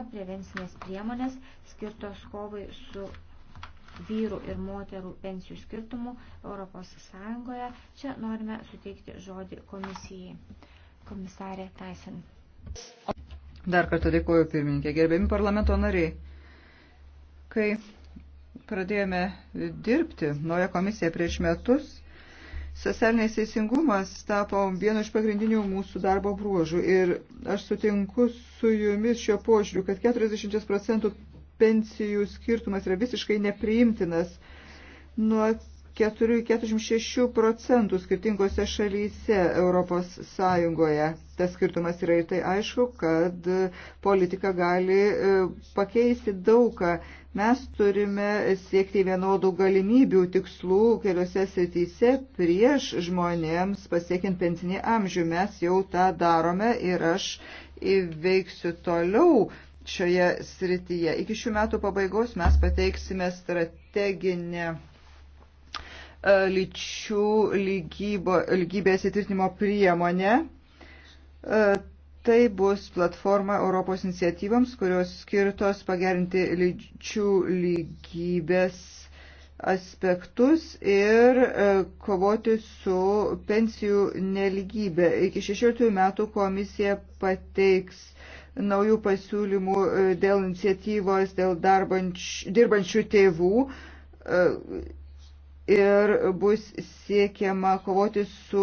pat prevencinės priemonės skirtos kovai su vyrų ir moterų pensijų skirtumų Europos Sąjungoje. Čia norime suteikti žodį komisijai. Komisarė Tyson. Dar kartą dėkuoju pirmininkė, gerbėmi parlamento nariai. Kai pradėjome dirbti naują komisiją prieš metus, Socialinis teisingumas tapo vienu iš pagrindinių mūsų darbo bruožų ir aš sutinku su jumis šio požiūriu, kad 40 procentų pensijų skirtumas yra visiškai nepriimtinas. Nuo 4-46 procentų skirtingose šalyse Europos Sąjungoje. Tas skirtumas yra ir tai aišku, kad e, politika gali e, pakeisti daugą. Mes turime siekti vienodų galimybių tikslų keliose srityse prieš žmonėms pasiekiant pensinį amžių. Mes jau tą darome ir aš įveiksiu toliau šioje srityje. Iki šių metų pabaigos mes pateiksime strateginę lyčių lygybo, lygybės įtvirtinimo priemonę. E, tai bus platforma Europos iniciatyvams, kurios skirtos pagerinti lyčių lygybės aspektus ir e, kovoti su pensijų neligybė. Iki 16 metų komisija pateiks naujų pasiūlymų e, dėl iniciatyvos, dėl darbanč, dirbančių tėvų ir bus siekiama kovoti su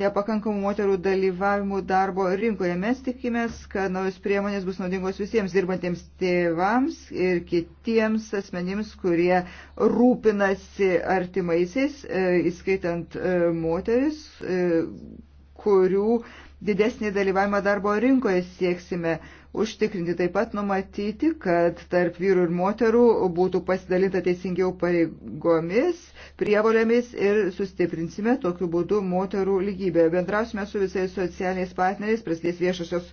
nepakankamu moterų dalyvavimu darbo rinkoje. Mes tikimės, kad naujos priemonės bus naudingos visiems dirbantiems tėvams ir kitiems asmenims, kurie rūpinasi artimaisiais, e, įskaitant e, moteris, e, kurių didesnį dalyvavimą darbo rinkoje sieksime užtikrinti. Taip pat numatyti, kad tarp vyrų ir moterų būtų pasidalinta teisingiau pareigomis prievolėmis ir sustiprinsime tokiu būdu moterų lygybę. Bendrausime su visais socialiniais partneriais, prasidės viešosios,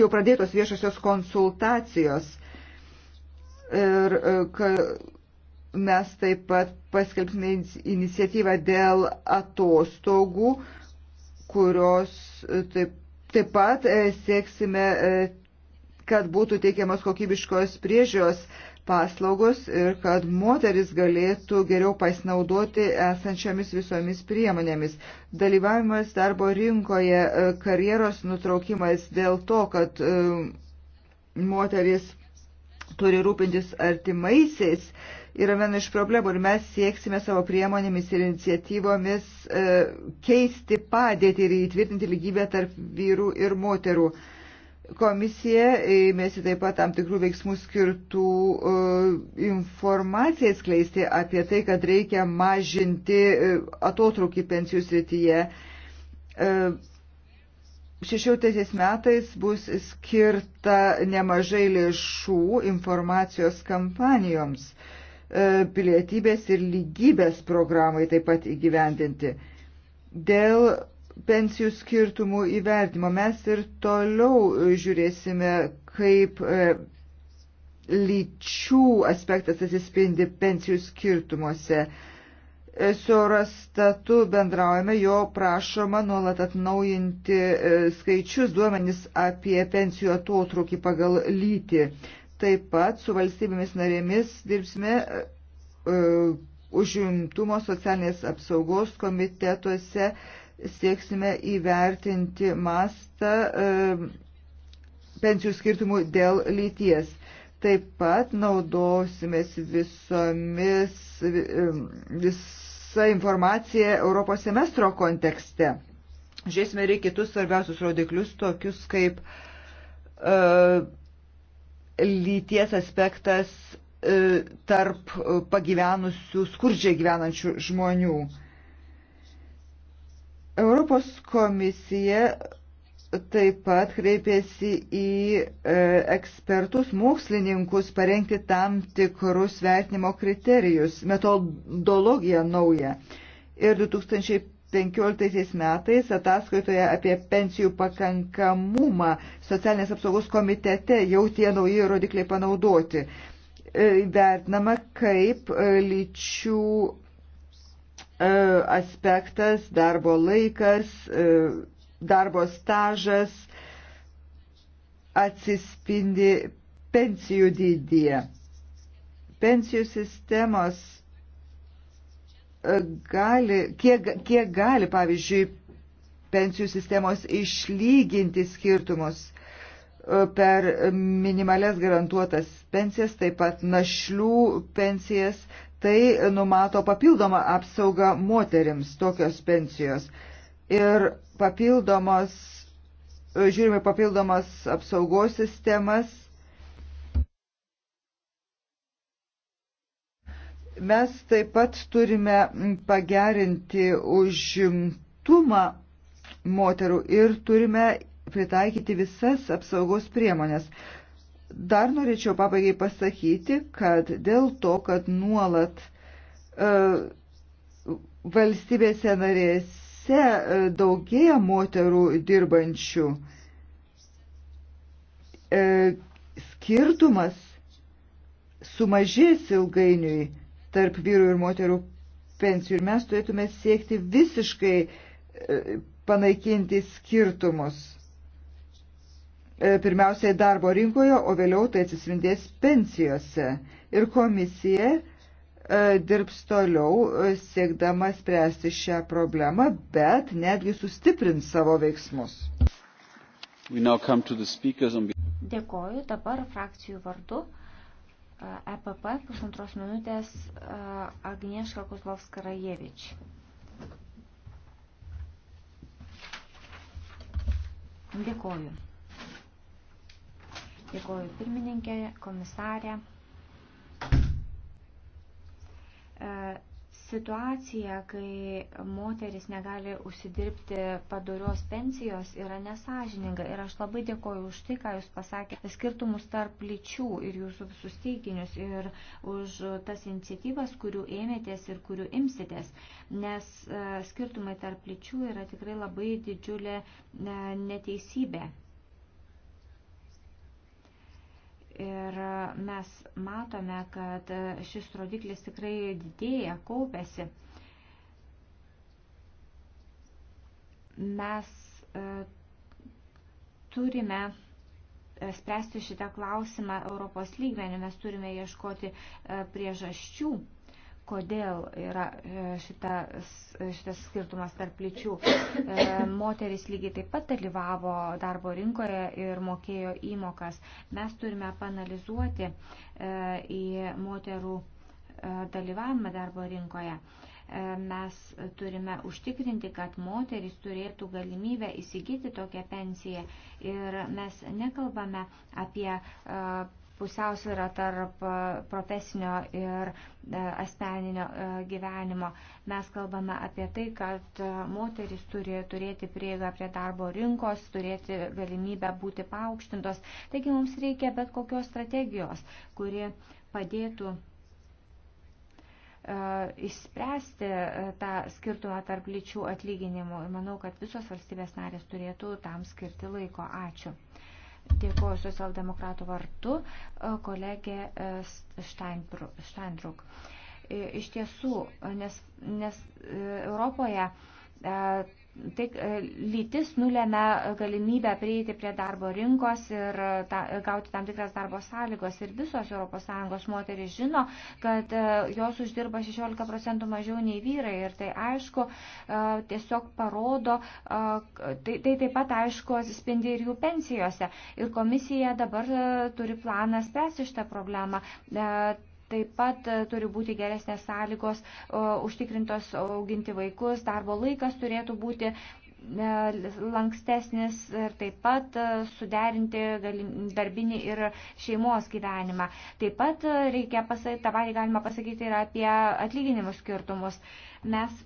jau pradėtos viešosios konsultacijos. Ir e, ka, mes taip pat paskelbsime iniciatyvą dėl atostogų, kurios e, taip, taip pat e, sieksime kad būtų teikiamas kokybiškos priežios paslaugos ir kad moteris galėtų geriau pasinaudoti esančiomis visomis priemonėmis. Dalyvavimas darbo rinkoje, e, karjeros nutraukimas dėl to, kad e, moteris turi rūpintis artimaisiais, yra viena iš problemų ir mes sieksime savo priemonėmis ir iniciatyvomis e, keisti padėtį ir įtvirtinti lygybę tarp vyrų ir moterų. Komisija ėmėsi taip pat tam tikrų veiksmų skirtų e, informacijai skleisti apie tai, kad reikia mažinti e, atotrukį pensijų srityje. 16 e, metais bus skirta nemažai lėšų informacijos kampanijoms, pilietybės ir lygybės programai taip pat įgyvendinti. Dėl pensijų skirtumų įvertimo. Mes ir toliau žiūrėsime, kaip e, lyčių aspektas atsispindi pensijų skirtumuose. E, su Eurostatu bendraujame, jo prašoma nuolat atnaujinti e, skaičius duomenys apie pensijų atotrukį pagal lytį. Taip pat su valstybėmis narėmis dirbsime užimtumo socialinės apsaugos komitetuose sieksime įvertinti mastą e, pensijų skirtumų dėl lyties. Taip pat naudosimės visomis, e, visą informaciją Europos semestro kontekste. Žiūrėsime ir kitus svarbiausius rodiklius, tokius kaip uh, lyties aspektas uh, tarp pagyvenusių, skurdžiai gyvenančių žmonių. Uh, Europos komisija taip pat kreipėsi į e, ekspertus, mokslininkus parengti tam tikrus vertinimo kriterijus, metodologiją naują. Ir 2015 metais ataskaitoje apie pensijų pakankamumą socialinės apsaugos komitete jau tie nauji rodikliai panaudoti. E, vertinama, kaip e, lyčių E, aspektas, darbo laikas, e, darbo stažas atsispindi pensijų dydyje. Pensijų sistemos e, gali, kiek, kiek gali, pavyzdžiui, pensijų sistemos išlyginti skirtumus per minimales garantuotas pensijas, taip pat našlių pensijas. Tai numato papildomą apsaugą moterims tokios pensijos. Ir papildomos, žiūrime, papildomas apsaugos sistemas mes taip pat turime pagerinti užimtumą moterų ir turime pritaikyti visas apsaugos priemonės. Dar norėčiau pabaigai pasakyti, kad dėl to, kad nuolat e, valstybėse narėse e, daugėja moterų dirbančių, e, skirtumas sumažės ilgainiui tarp vyrų ir moterų pensijų ir mes turėtume siekti visiškai e, panaikinti skirtumus. E, pirmiausiai darbo rinkoje, o vėliau tai atsispindės pensijose. Ir komisija e, dirbs toliau, e, siekdama spręsti šią problemą, bet netgi sustiprins savo veiksmus. On... Dėkoju dabar frakcijų vardu. EPP pusantros minutės Agnieška Kozlovska Rajevič. Dėkoju. Dėkuoju pirmininkė, komisarė. E, situacija, kai moteris negali užsidirbti padorios pensijos, yra nesažininga. Ir aš labai dėkoju už tai, ką Jūs pasakėte, skirtumus tarp lyčių ir Jūsų visus teiginius ir už tas iniciatyvas, kurių ėmėtės ir kurių imsitės. Nes e, skirtumai tarp lyčių yra tikrai labai didžiulė e, neteisybė. Ir e, mes matome, kad e, šis rodiklis tikrai didėja, kaupėsi. Mes e, turime spręsti šitą klausimą Europos lygmenį, mes turime ieškoti priežasčių kodėl yra e, šita, šitas skirtumas tarp lyčių. E, moteris lygiai taip pat dalyvavo darbo rinkoje ir mokėjo įmokas. Mes turime panalizuoti e, į moterų dalyvavimą darbo rinkoje. Mes turime užtikrinti, kad moteris turėtų galimybę įsigyti tokią pensiją ir mes nekalbame apie pusiausvyrą tarp e, profesinio ir e, asmeninio e, gyvenimo. Mes kalbame apie tai, kad moteris turi turėti prieigą prie darbo rinkos, turėti galimybę būti paaukštintos. Taigi mums reikia bet kokios strategijos, kuri padėtų išspręsti tą skirtumą tarp lyčių atlyginimų. Ir manau, kad visos valstybės narės turėtų tam skirti laiko. Ačiū. Dėkuoju socialdemokratų vartu, e, kolegė e, Steinbrück. E, iš tiesų, nes, nes Europoje tai e, lytis nulėmė galimybę prieiti prie darbo rinkos ir e, ta, gauti tam tikras darbo sąlygos. Ir visos ES moteris žino, kad e, jos uždirba 16 procentų mažiau nei vyrai. Ir tai aišku, tiesiog parodo, tai, tai taip pat aišku spindi ir jų pensijose. Ir komisija dabar turi planą spręsti šitą problemą. Taip pat e, turi būti geresnės sąlygos užtikrintos auginti vaikus, darbo laikas turėtų būti e, lankstesnis ir taip pat e, suderinti darbinį ir šeimos gyvenimą. Taip pat reikia pasakyti, tą patį galima pasakyti ir apie atlyginimų skirtumus. Mes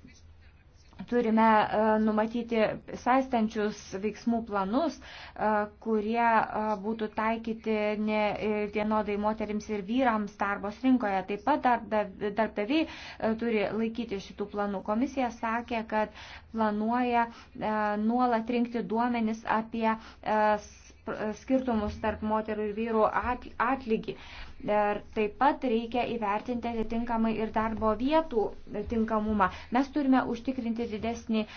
turime e, numatyti saistančius veiksmų planus, e, kurie e, būtų taikyti ne vienodai moterims ir vyrams darbos rinkoje. Taip pat darbdaviai turi laikyti šitų planų. Komisija sakė, kad planuoja nuolat rinkti duomenis apie skirtumus tarp moterų ir vyrų atlygį. Ir taip pat reikia įvertinti atitinkamai ir darbo vietų tinkamumą. Mes turime užtikrinti didesnį e,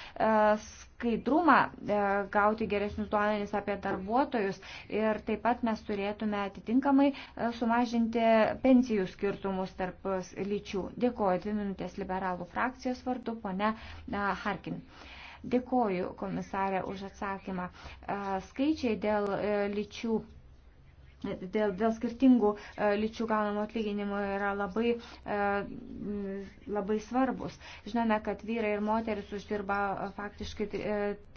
skaidrumą, e, gauti geresnius duomenys apie darbuotojus ir taip pat mes turėtume atitinkamai e, sumažinti pensijų skirtumus tarp lyčių. Dėkuoju dvi minutės liberalų frakcijos vardu, pone Harkin. Uh, Dėkoju komisarė už atsakymą. Skaičiai dėl e, lyčių dėl, dėl skirtingų e, lyčių gaunamų atlyginimų yra labai, e, labai svarbus. Žinome, kad vyrai ir moteris uždirba e, faktiškai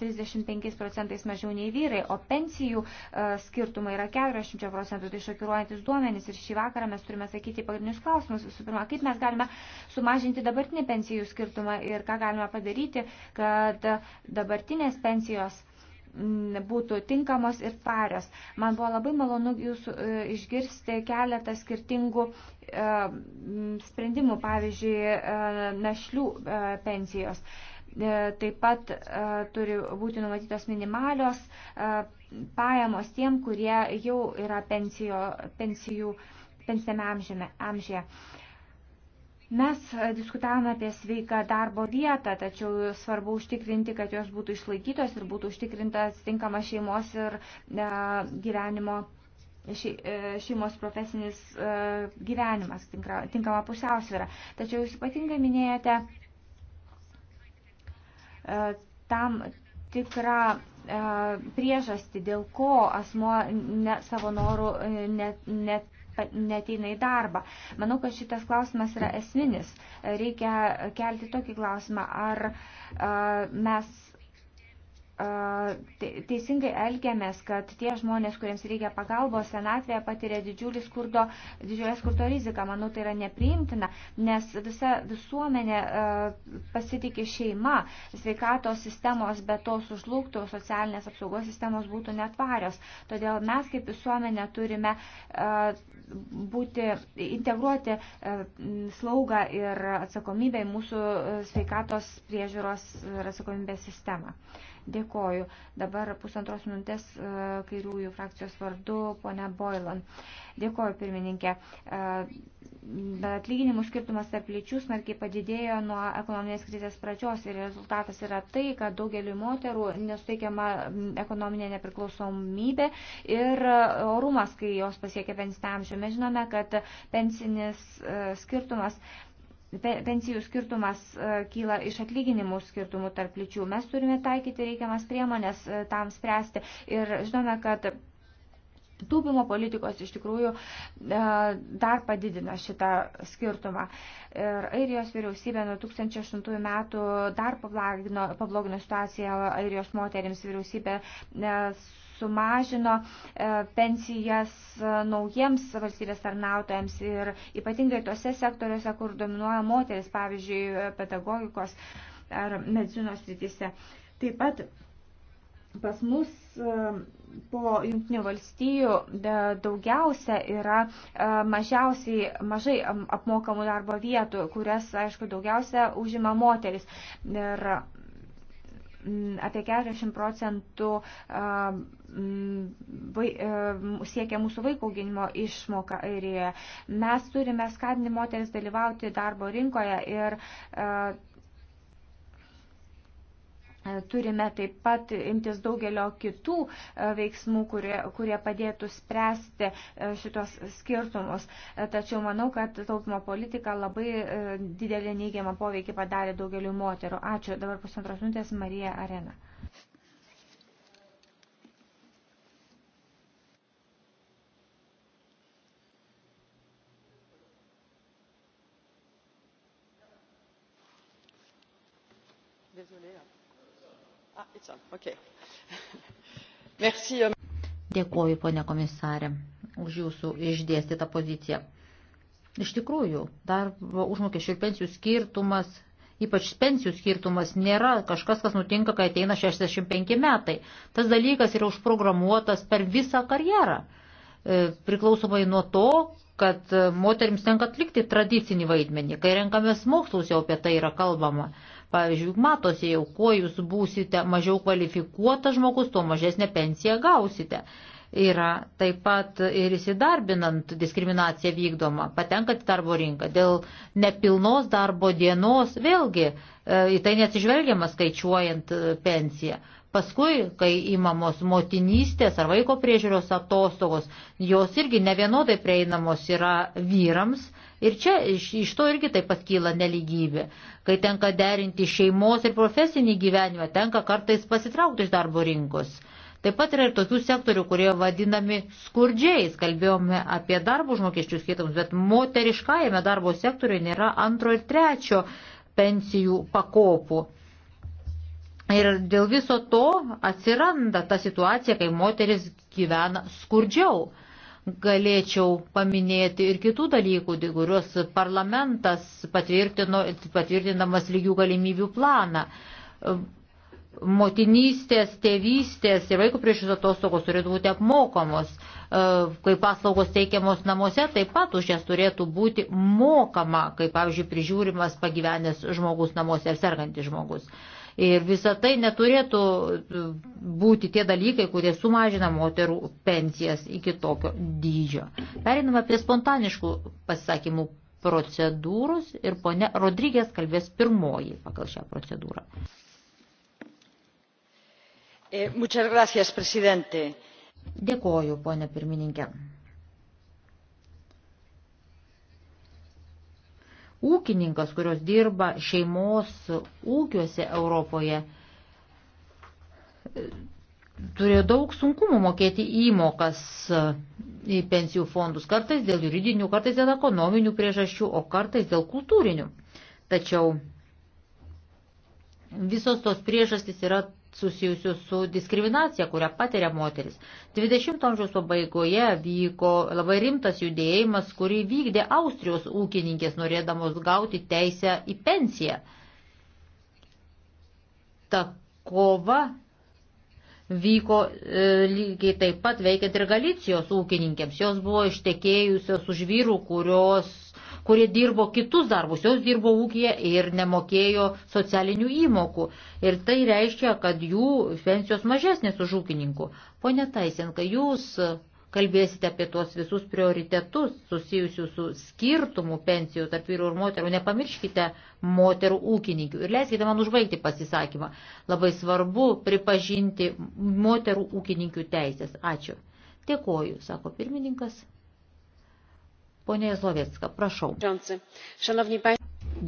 35 e, procentais mažiau nei vyrai, o pensijų e, skirtumai yra 40 procentų. Tai šokiruojantis duomenys ir šį vakarą mes turime sakyti pagrindinius klausimus. Visų pirma, kaip mes galime sumažinti dabartinį pensijų skirtumą ir ką galime padaryti, kad dabartinės pensijos būtų tinkamos ir tvarios. Man buvo labai malonu jūsų e, išgirsti keletą skirtingų e, sprendimų, pavyzdžiui, e, našlių pensijos. Taip pat turi būti numatytos minimalios pajamos tiem, kurie jau yra pensijo, pensijų pensinėme amžiame, amžyje. amžyje. Mes e, diskutavome apie sveiką darbo vietą, tačiau svarbu užtikrinti, kad jos būtų išlaikytos ir būtų užtikrintas tinkamas šeimos ir e, gyvenimo, še, e, šeimos profesinis e, gyvenimas, tinkra, tinkama pusiausvėra. Tačiau jūs ypatingai minėjote e, tam tikrą e, priežastį, dėl ko asmo ne, savo norų e, net. Ne, neteina į darbą. Manau, kad šitas klausimas yra esminis. Reikia kelti tokį klausimą, ar uh, mes teisingai elgiamės, kad tie žmonės, kuriems reikia pagalbos senatvėje, patiria didžiulį skurdo, didžiulę skurdo riziką. Manau, tai yra nepriimtina, nes visa visuomenė pasitikė šeima, sveikatos sistemos be to sužlugtų, socialinės apsaugos sistemos būtų netvarios. Todėl mes kaip visuomenė turime būti integruoti e, slaugą ir atsakomybę į mūsų e, sveikatos priežiūros ir atsakomybės sistemą. Dėkoju. Dabar pusantros minutės e, kairiųjų frakcijos vardu, ponia Boylan. Dėkoju, pirmininkė. E, bet atlyginimų skirtumas tarp lyčių smarkiai padidėjo nuo ekonominės krizės pradžios ir rezultatas yra tai, kad daugeliu moterų nesuteikiama ekonominė nepriklausomybė ir orumas, kai jos pasiekia pensinį amžių. Mes žinome, kad pensinis e, skirtumas pensijų skirtumas e, kyla iš atlyginimų skirtumų tarp lyčių. Mes turime taikyti reikiamas priemonės e, tam spręsti ir žinome, kad taupimo politikos iš tikrųjų e, dar padidino šitą skirtumą. Ir Airijos vyriausybė nuo 2008 metų dar pablogino, pablogino situaciją Airijos moterims vyriausybė e, sumažino e, pensijas naujiems valstybės tarnautojams ir ypatingai tose sektoriuose, kur dominuoja moteris, pavyzdžiui, pedagogikos ar medicinos rytise. Taip pat Pas mus e, po Junktinių valstijų daugiausia yra e, mažiausiai, mažai apmokamų darbo vietų, kurias, aišku, daugiausia užima moteris. Ir apie 40 procentų e, siekia mūsų vaikų auginimo išmoka ir mes turime skatinti moteris dalyvauti darbo rinkoje ir E, turime taip pat imtis daugelio kitų e, veiksmų, kurie, kurie padėtų spręsti e, šitos skirtumus. Tačiau manau, kad taupimo politika labai didelį neigiamą poveikį padarė daugeliu moterų. Ačiū. Dabar pusantros minutės Marija Arena. Désolée. Ah, euh, Dėkuoju, ponė komisarė, už jūsų išdėstytą poziciją. Iš tikrųjų, darbo užmokesčių ir pensijų skirtumas, ypač pensijų skirtumas, nėra kažkas, kas nutinka, kai ateina 65 metai. Tas dalykas yra užprogramuotas per visą karjerą. E, priklausomai nuo to, kad moteriams tenka atlikti tradicinį vaidmenį. Kai renkamės mokslus, jau apie tai yra kalbama. Pavyzdžiui, matosi jau, kuo jūs būsite mažiau kvalifikuotas žmogus, tuo mažesnę pensiją gausite. Yra taip pat ir įsidarbinant diskriminaciją vykdoma, patenkant į darbo rinką. Dėl nepilnos darbo dienos vėlgi e, į tai neatsižvelgiama skaičiuojant e, pensiją. Paskui, kai įmamos motinystės ar vaiko priežiūros atostogos, jos irgi nevienodai prieinamos yra vyrams. Ir čia iš, iš to irgi taip pat kyla neligybė. Kai tenka derinti šeimos ir profesinį gyvenimą, tenka kartais pasitraukti iš darbo rinkos. Taip pat yra ir tokių sektorių, kurie vadinami skurdžiais. Kalbėjome apie darbo užmokesčių skirtumus, bet moteriškajame darbo sektoriuje nėra antro ir trečio pensijų pakopų. Ir dėl viso to atsiranda ta situacija, kai moteris gyvena skurdžiau. Galėčiau paminėti ir kitų dalykų, kuriuos parlamentas patvirtino, patvirtinamas lygių galimybių planą. Motinystės, tėvystės ir vaikų priešus atostogos turėtų būti apmokamos. E, kai paslaugos teikiamos namuose, taip pat už jas turėtų būti mokama, kaip pavyzdžiui prižiūrimas pagyvenęs žmogus namuose ar sergantis žmogus. Ir visa tai neturėtų e, būti tie dalykai, kurie sumažina moterų pensijas iki tokio dydžio. Periname prie spontaniškų pasisakymų procedūros ir ponia Rodrygės kalbės pirmoji pagal šią procedūrą. Eh, muchas gracias, presidente. Dėkoju, ponia pirmininkė. ūkininkas, kurios dirba šeimos ūkiuose Europoje, turėjo daug sunkumų mokėti įmokas į pensijų fondus, kartais dėl juridinių, kartais dėl ekonominių priežasčių, o kartais dėl kultūrinių. Tačiau visos tos priežastys yra susijusių su diskriminacija, kurią patiria moteris. 20 amžiaus pabaigoje vyko labai rimtas judėjimas, kurį vykdė Austrijos ūkininkės norėdamos gauti teisę į pensiją. Ta kova vyko e, lygiai taip pat veikiant ir Galicijos ūkininkėms. Jos buvo ištekėjusios už vyrų, kurios kurie dirbo kitus darbus, jos dirbo ūkija ir nemokėjo socialinių įmokų. Ir tai reiškia, kad jų pensijos mažesnės už ūkininkų. Pone Taisenka, jūs kalbėsite apie tuos visus prioritetus susijusius su skirtumu pensijų tarp vyrų ir moterų. Nepamirškite moterų ūkininkių. Ir leiskite man užbaigti pasisakymą. Labai svarbu pripažinti moterų ūkininkių teisės. Ačiū. Dėkoju, sako pirmininkas. Pone Jezlovietska, prašau.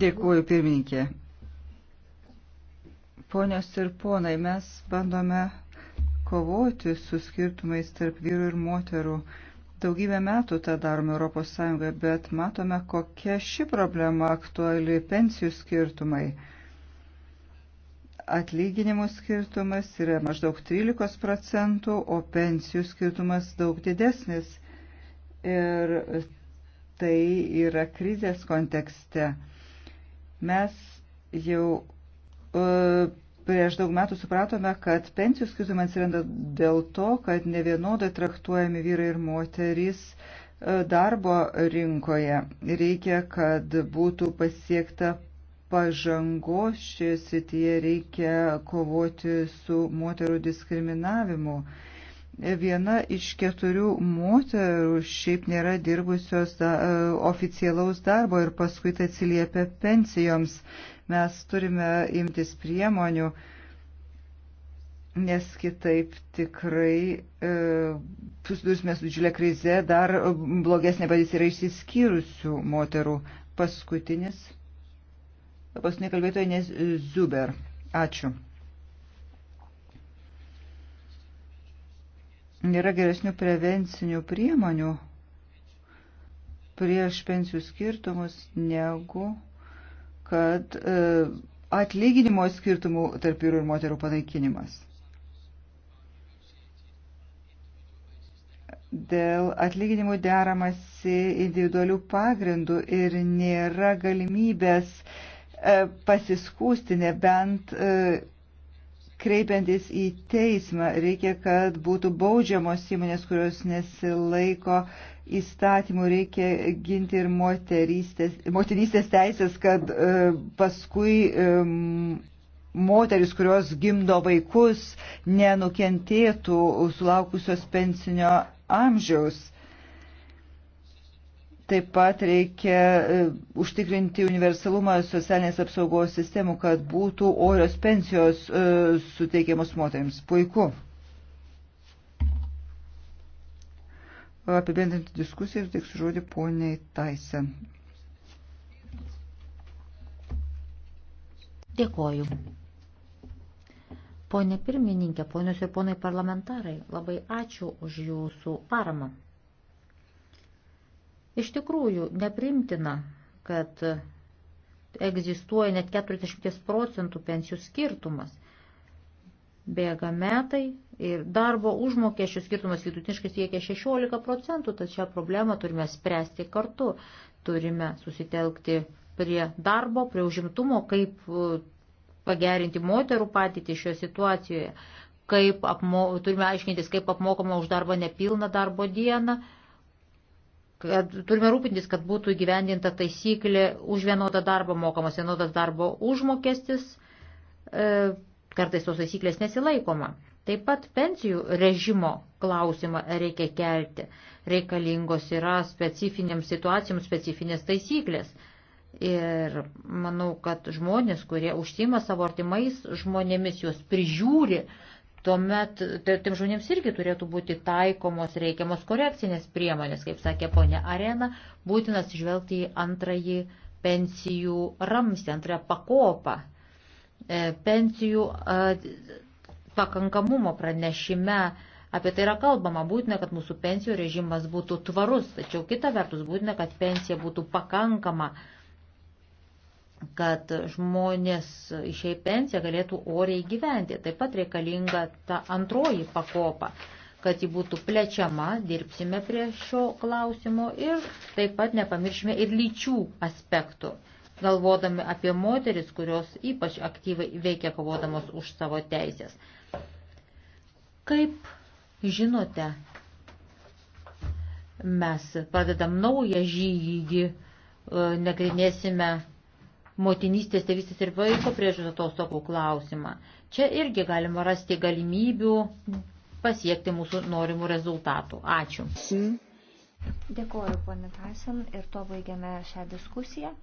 Dėkuoju, pirmininkė. Ponios ir ponai, mes bandome kovoti su skirtumais tarp vyrų ir moterų. Daugybę metų tą darome ES, bet matome, kokia ši problema aktuali pensijų skirtumai. Atlyginimų skirtumas yra maždaug 13 procentų, o pensijų skirtumas daug didesnis. Ir tai yra krizės kontekste. Mes jau e, prieš daug metų supratome, kad pensijų skirtumai atsiranda dėl to, kad nevienodai traktuojami vyrai ir moterys e, darbo rinkoje. Reikia, kad būtų pasiekta pažangos šioje srityje, reikia kovoti su moterų diskriminavimu viena iš keturių moterų šiaip nėra dirbusios da, e, oficialaus darbo ir paskui tai atsiliepia pensijoms. Mes turime imtis priemonių, nes kitaip tikrai e, susidursime su didžiulė krize, dar blogesnė padėtis yra išsiskyrusių moterų. Paskutinis, paskutinė kalbėtoja, nes Zuber. Ačiū. nėra geresnių prevencinių priemonių prieš pensijų skirtumus negu kad e, atlyginimo skirtumų tarp vyrų ir moterų panaikinimas. Dėl atlyginimų deramasi individualių pagrindų ir nėra galimybės e, pasiskūsti nebent e, kreipiantis į teismą, reikia, kad būtų baudžiamos įmonės, kurios nesilaiko įstatymų, reikia ginti ir moterystės teisės, kad e, paskui e, moteris, kurios gimdo vaikus, nenukentėtų sulaukusios pensinio amžiaus. Taip pat reikia e, užtikrinti universalumą socialinės apsaugos sistemų, kad būtų orios pensijos e, suteikiamos moteriams. Puiku. Apibendrinti diskusiją ir teiksiu žodį poniai Taisen. Dėkoju. Pone pirmininkė, ponios ir ponai parlamentarai, labai ačiū už jūsų paramą. Iš tikrųjų, neprimtina, kad egzistuoja net 40 procentų pensijų skirtumas. Bėga metai ir darbo užmokesčių skirtumas vidutiniškai siekia 16 procentų, tad šią problemą turime spręsti kartu. Turime susitelkti prie darbo, prie užimtumo, kaip e, pagerinti moterų patirtį šioje situacijoje, kaip apmo, turime aiškintis, kaip apmokama už darbą nepilną darbo dieną, kad turime rūpintis, kad būtų įgyvendinta taisyklė už vienodą darbą mokamas vienodas darbo užmokestis, e, kartais tos taisyklės nesilaikoma. Taip pat pensijų režimo klausimą reikia kelti. Reikalingos yra specifinėms situacijoms specifinės taisyklės. Ir manau, kad žmonės, kurie užsima savo artimais žmonėmis, juos prižiūri, tuomet tai tiem žmonėms irgi turėtų būti taikomos reikiamos korekcinės priemonės, kaip sakė ponė Arena, būtinas žvelgti į antrąjį pensijų ramstį, antrąją pakopą. E, pensijų pakankamumo pranešime apie tai yra kalbama, būtina, kad mūsų pensijų režimas būtų tvarus, tačiau kita vertus būtina, kad pensija būtų pakankama kad žmonės išėjai pensiją galėtų oriai gyventi. Taip pat reikalinga ta antroji pakopa, kad ji būtų plečiama, dirbsime prie šio klausimo ir taip pat nepamiršime ir lyčių aspektų, galvodami apie moteris, kurios ypač aktyvai veikia kovodamos už savo teisės. Kaip žinote, mes pradedam naują žygį, e, nagrinėsime motinystės, tėvystės ir vaiko priežiūros atostogų klausimą. Čia irgi galima rasti galimybių pasiekti mūsų norimų rezultatų. Ačiū. Dėkuoju, ponė Tyson, ir to baigiame šią diskusiją.